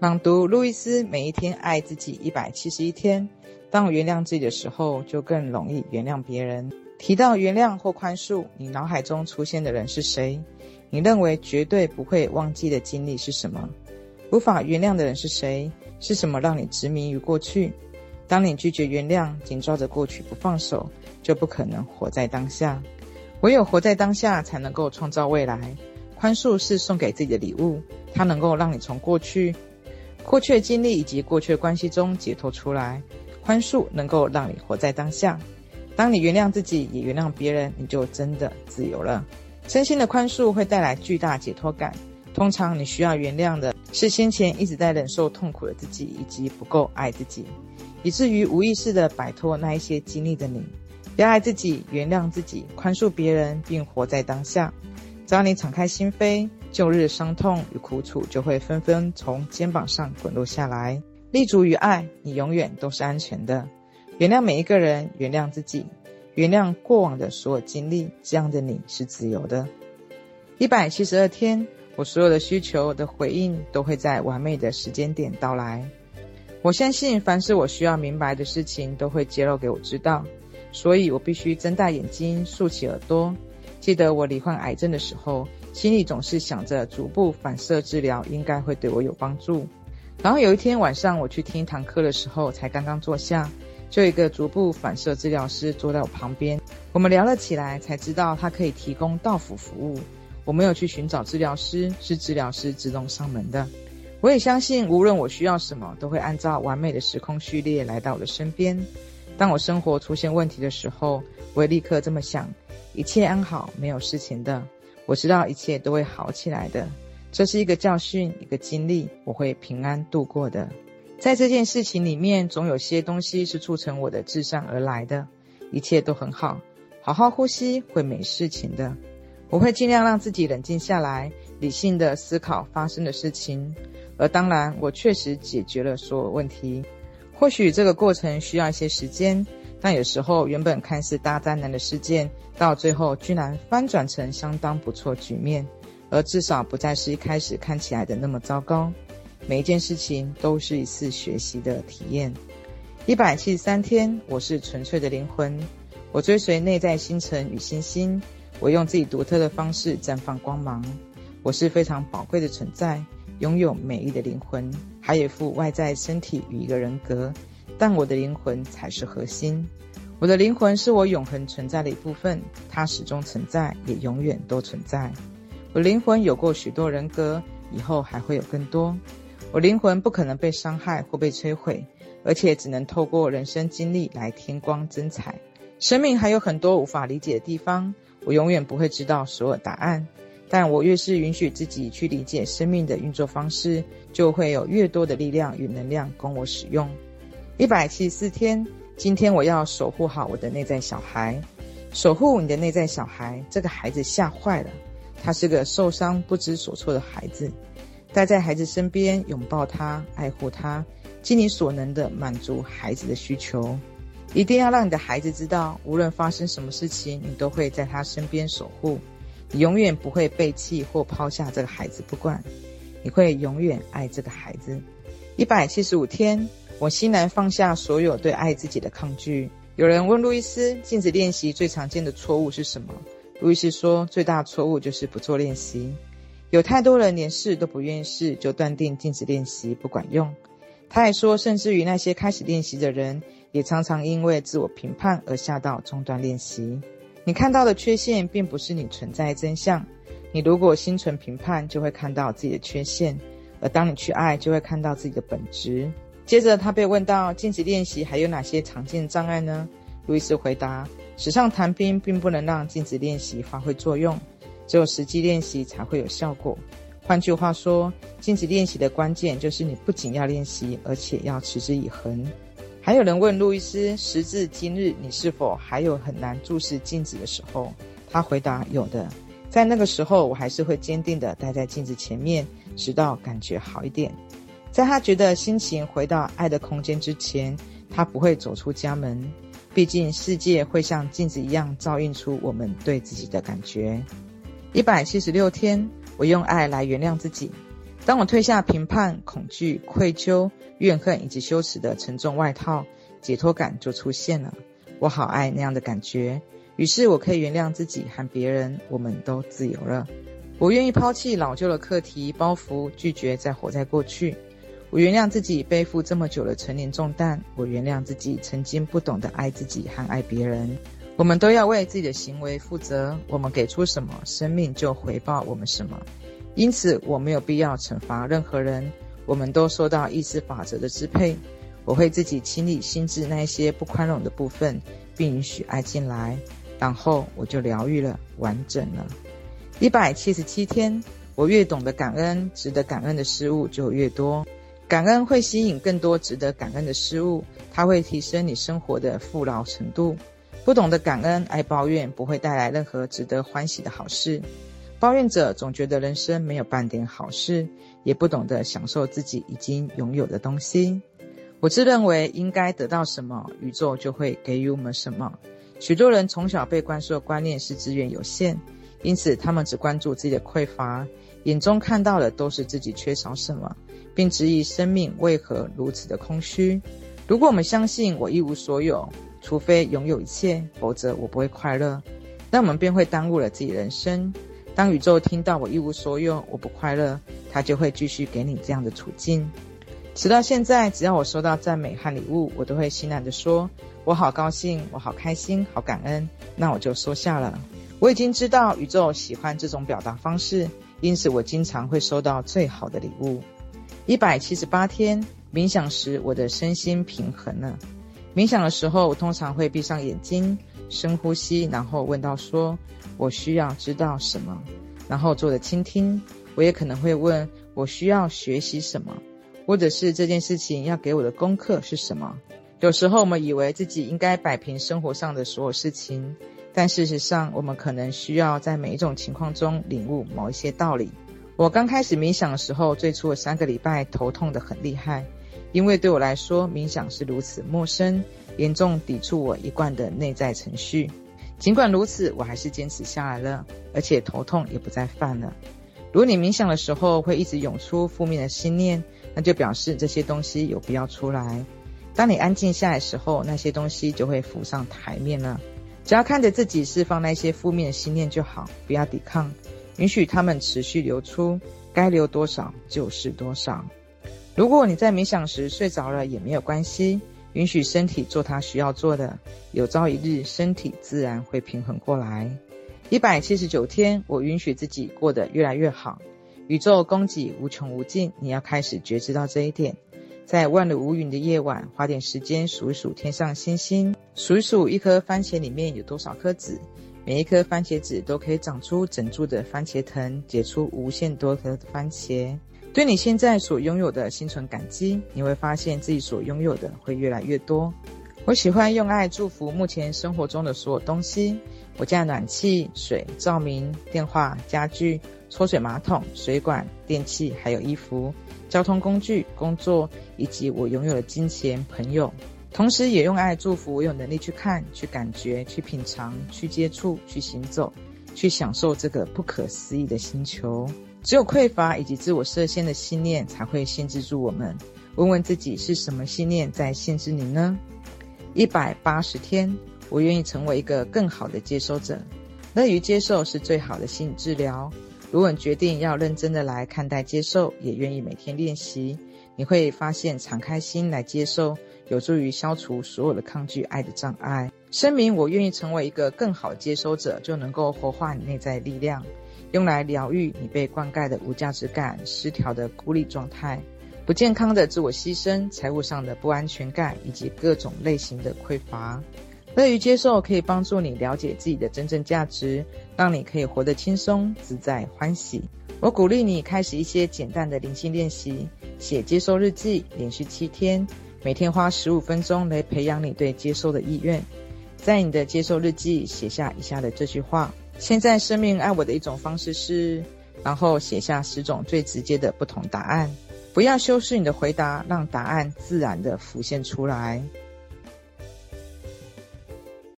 朗讀路易斯，每一天愛自己一百七十一天。當我原諒自己的時候，就更容易原諒別人。提到原諒或寬恕，你腦海中出現的人是誰？你認為絕對不會忘記的經歷是什麼？無法原諒的人是誰？是什麼讓你執迷於過去？當你拒絕原諒，緊抓着過去不放手，就不可能活在當下。唯有活在當下，才能夠創造未來。寬恕是送給自己的禮物，它能夠讓你從過去過去的經歷以及過去的關係中解脫出來，寬恕能夠讓你活在當下。當你原諒自己，也原諒別人，你就真的自由了。身心的寬恕會帶來巨大解脫感。通常你需要原諒的是先前一直在忍受痛苦的自己，以及不夠愛自己，以至於無意識的擺脫那一些經歷的你。要愛自己，原諒自己，寬恕別人，並活在當下。只要你敞開心扉，舊日的傷痛與苦楚就會紛紛從肩膀上滾落下來。立足於愛，你永遠都是安全的。原諒每一個人，原諒自己，原諒過往的所有經歷，這樣的你是自由的。一百七十二天，我所有的需求的回應都會在完美的時間點到來。我相信，凡是我需要明白的事情，都會揭露給我知道，所以我必須睜大眼睛，豎起耳朵。記得我罹患癌症的時候。心裡總是想着足部反射治療應該會對我有幫助。然後有一天晚上，我去聽一堂課的時候，才剛剛坐下，就一個足部反射治療師坐在我旁邊。我們聊了起來，才知道他可以提供到府服務。我沒有去尋找治療師，是治療師自動上門的。我也相信，無論我需要什麼，都會按照完美的時空序列來到我的身邊。當我生活出現問題的時候，我會立刻這麼想：一切安好，沒有事情的。我知道一切都會好起來的，這是一個教訓，一個經歷，我會平安度過的。在這件事情裡面，總有些東西是促成我的志向而來的，一切都很好，好好呼吸，會沒事情的。我會盡量讓自己冷靜下來，理性地思考發生的事情，而當然，我確實解決了所有問題。或許這個過程需要一些時間。但有時候，原本看似大災難的事件，到最後居然翻轉成相當不錯局面，而至少不再是一開始看起來的那麼糟糕。每一件事情都是一次學習的體驗。一百七十三天，我是純粹的靈魂，我追隨內在星辰與星星，我用自己獨特的方式綻放光芒。我是非常寶貴的存在，擁有美麗的靈魂，還有一副外在身體與一個人格。但我的靈魂才是核心。我的靈魂是我永恆存在的一部分，它始終存在，也永遠都存在。我靈魂有過許多人格，以後還會有更多。我靈魂不可能被傷害或被摧毀，而且只能透過人生經歷來添光增彩。生命還有很多無法理解的地方，我永遠不會知道所有答案。但我越是允許自己去理解生命的運作方式，就會有越多的力量與能量供我使用。一百七十四天，今天我要守護好我的內在小孩，守護你的內在小孩。這個孩子嚇壞了，他是個受傷不知所措的孩子。待在孩子身邊，擁抱他，愛護他，盡你所能的滿足孩子的需求。一定要讓你的孩子知道，無論發生什麼事情，你都會在他身邊守護，你永遠不會背棄或拋下這個孩子不管，你會永遠愛這個孩子。一百七十五天。我欣然放下所有對愛自己的抗拒。有人問路易斯，鏡子練習最常見的錯誤是什麼？路易斯說，最大錯誤就是不做練習。有太多人連試都不願意試，就斷定鏡子練習不管用。他還說，甚至於那些開始練習的人，也常常因為自我評判而下到中斷練習。你看到的缺陷，並不是你存在真相。你如果心存評判，就會看到自己的缺陷；而當你去愛，就會看到自己的本質。接着，他被問到鏡子練習還有哪些常見障礙呢？路易斯回答：“紙上談兵並不能讓鏡子練習發揮作用，只有實際練習才會有效果。換句話說，鏡子練習的關鍵就是你不僅要練習，而且要持之以恆。”還有人問路易斯：“時至今日，你是否還有很難注視鏡子的時候？”他回答：“有的，在那個時候，我還是會堅定地待在鏡子前面，直到感覺好一點。”在他覺得心情回到愛的空間之前，他不會走出家門。畢竟世界會像鏡子一樣照映出我們對自己的感覺。一百七十六天，我用愛來原諒自己。當我褪下評判、恐懼、愧疚、怨恨以及羞恥的沉重外套，解脫感就出現了。我好愛那樣的感覺。於是我可以原諒自己和別人，我們都自由了。我願意拋棄老舊的課題包袱，拒絕再活在過去。我原諒自己背負這麼久的成年重擔。我原諒自己曾經不懂得愛自己，和愛別人。我們都要為自己的行為負責。我們給出什麼，生命就回報我們什麼。因此，我沒有必要懲罰任何人。我們都受到意識法則的支配。我會自己清理心智那一些不寬容的部分，並允許愛進來。然後，我就療癒了，完整了。一百七十七天，我越懂得感恩，值得感恩的事物就越多。感恩會吸引更多值得感恩的事物，它會提升你生活的富饒程度。不懂得感恩，愛抱怨，不會帶來任何值得歡喜的好事。抱怨者總覺得人生沒有半點好事，也不懂得享受自己已經擁有的東西。我自認為應該得到什麼，宇宙就會給予我們什麼。許多人從小被灌輸的觀念是資源有限。因此，他們只關注自己的匱乏，眼中看到的都是自己缺少什麼，並質疑生命為何如此的空虛。如果我們相信“我一無所有，除非擁有一切，否則我不會快樂”，那我們便會耽誤了自己人生。當宇宙聽到我一無所有、我不快樂，它就會繼續給你這樣的處境。直到現在，只要我收到讚美和禮物，我都會欣然地說：“我好高興，我好開心，好感恩。”那我就收下了。我已經知道宇宙喜歡這種表達方式，因此我經常會收到最好的禮物。一百七十八天冥想時，我的身心平衡了。冥想的時候，我通常會閉上眼睛，深呼吸，然後問到說：說我需要知道什麼？然後坐著傾聽。我也可能會問我需要學習什麼，或者是這件事情要給我的功課是什麼。有時候我們以為自己應該擺平生活上的所有事情。但事實上，我們可能需要在每一種情況中領悟某一些道理。我剛開始冥想的時候，最初的三個禮拜頭痛得很厲害，因為對我來說，冥想是如此陌生，嚴重抵觸我一貫的內在程序。儘管如此，我還是堅持下來了，而且頭痛也不再犯了。如果你冥想的時候會一直湧出負面的信念，那就表示這些東西有必要出來。當你安靜下來的時候，那些東西就會浮上檯面了。只要看着自己釋放那些負面的心念就好，不要抵抗，允許他們持續流出，該流多少就是多少。如果你在冥想時睡着了也沒有關係，允許身體做它需要做的，有朝一日身體自然會平衡過來。一百七十九天，我允許自己過得越來越好，宇宙供給無窮無盡，你要開始覺知到這一點。在萬里無雲的夜晚，花點時間數一數天上星星，數一數一顆番茄裡面有多少顆籽。每一顆番茄籽都可以長出整株的番茄藤，結出無限多顆的番茄。對你現在所擁有的心存感激，你會發現自己所擁有的會越來越多。我喜歡用愛祝福目前生活中的所有東西：我家的暖氣、水、照明、電話、家具、抽水馬桶、水管、電器，還有衣服。交通工具、工作以及我擁有的金錢、朋友，同時也用愛祝福我有能力去看、去感覺、去品嘗、去接觸、去行走、去享受這個不可思議的星球。只有匱乏以及自我設限的信念才會限制住我們。問問自己是什麼信念在限制你呢？一百八十天，我願意成為一個更好的接收者。樂於接受是最好的心理治療。如果你決定要認真的來看待接受，也願意每天練習，你會發現敞開心來接受有助於消除所有的抗拒愛的障礙。聲明，我願意成為一個更好接收者，就能夠活化你內在力量，用來療癒你被灌溉的無價值感、失調的孤立狀態、不健康的自我犧牲、財務上的不安全感以及各種類型的匱乏。樂於接受可以幫助你了解自己的真正價值，讓你可以活得輕鬆、自在、歡喜。我鼓勵你開始一些簡單的靈性練習，寫接受日記，連續七天，每天花十五分鐘來培養你對接受的意願。在你的接受日記寫下以下的這句話：現在生命愛我的一種方式是……然後寫下十種最直接的不同答案，不要修飾你的回答，讓答案自然地浮現出來。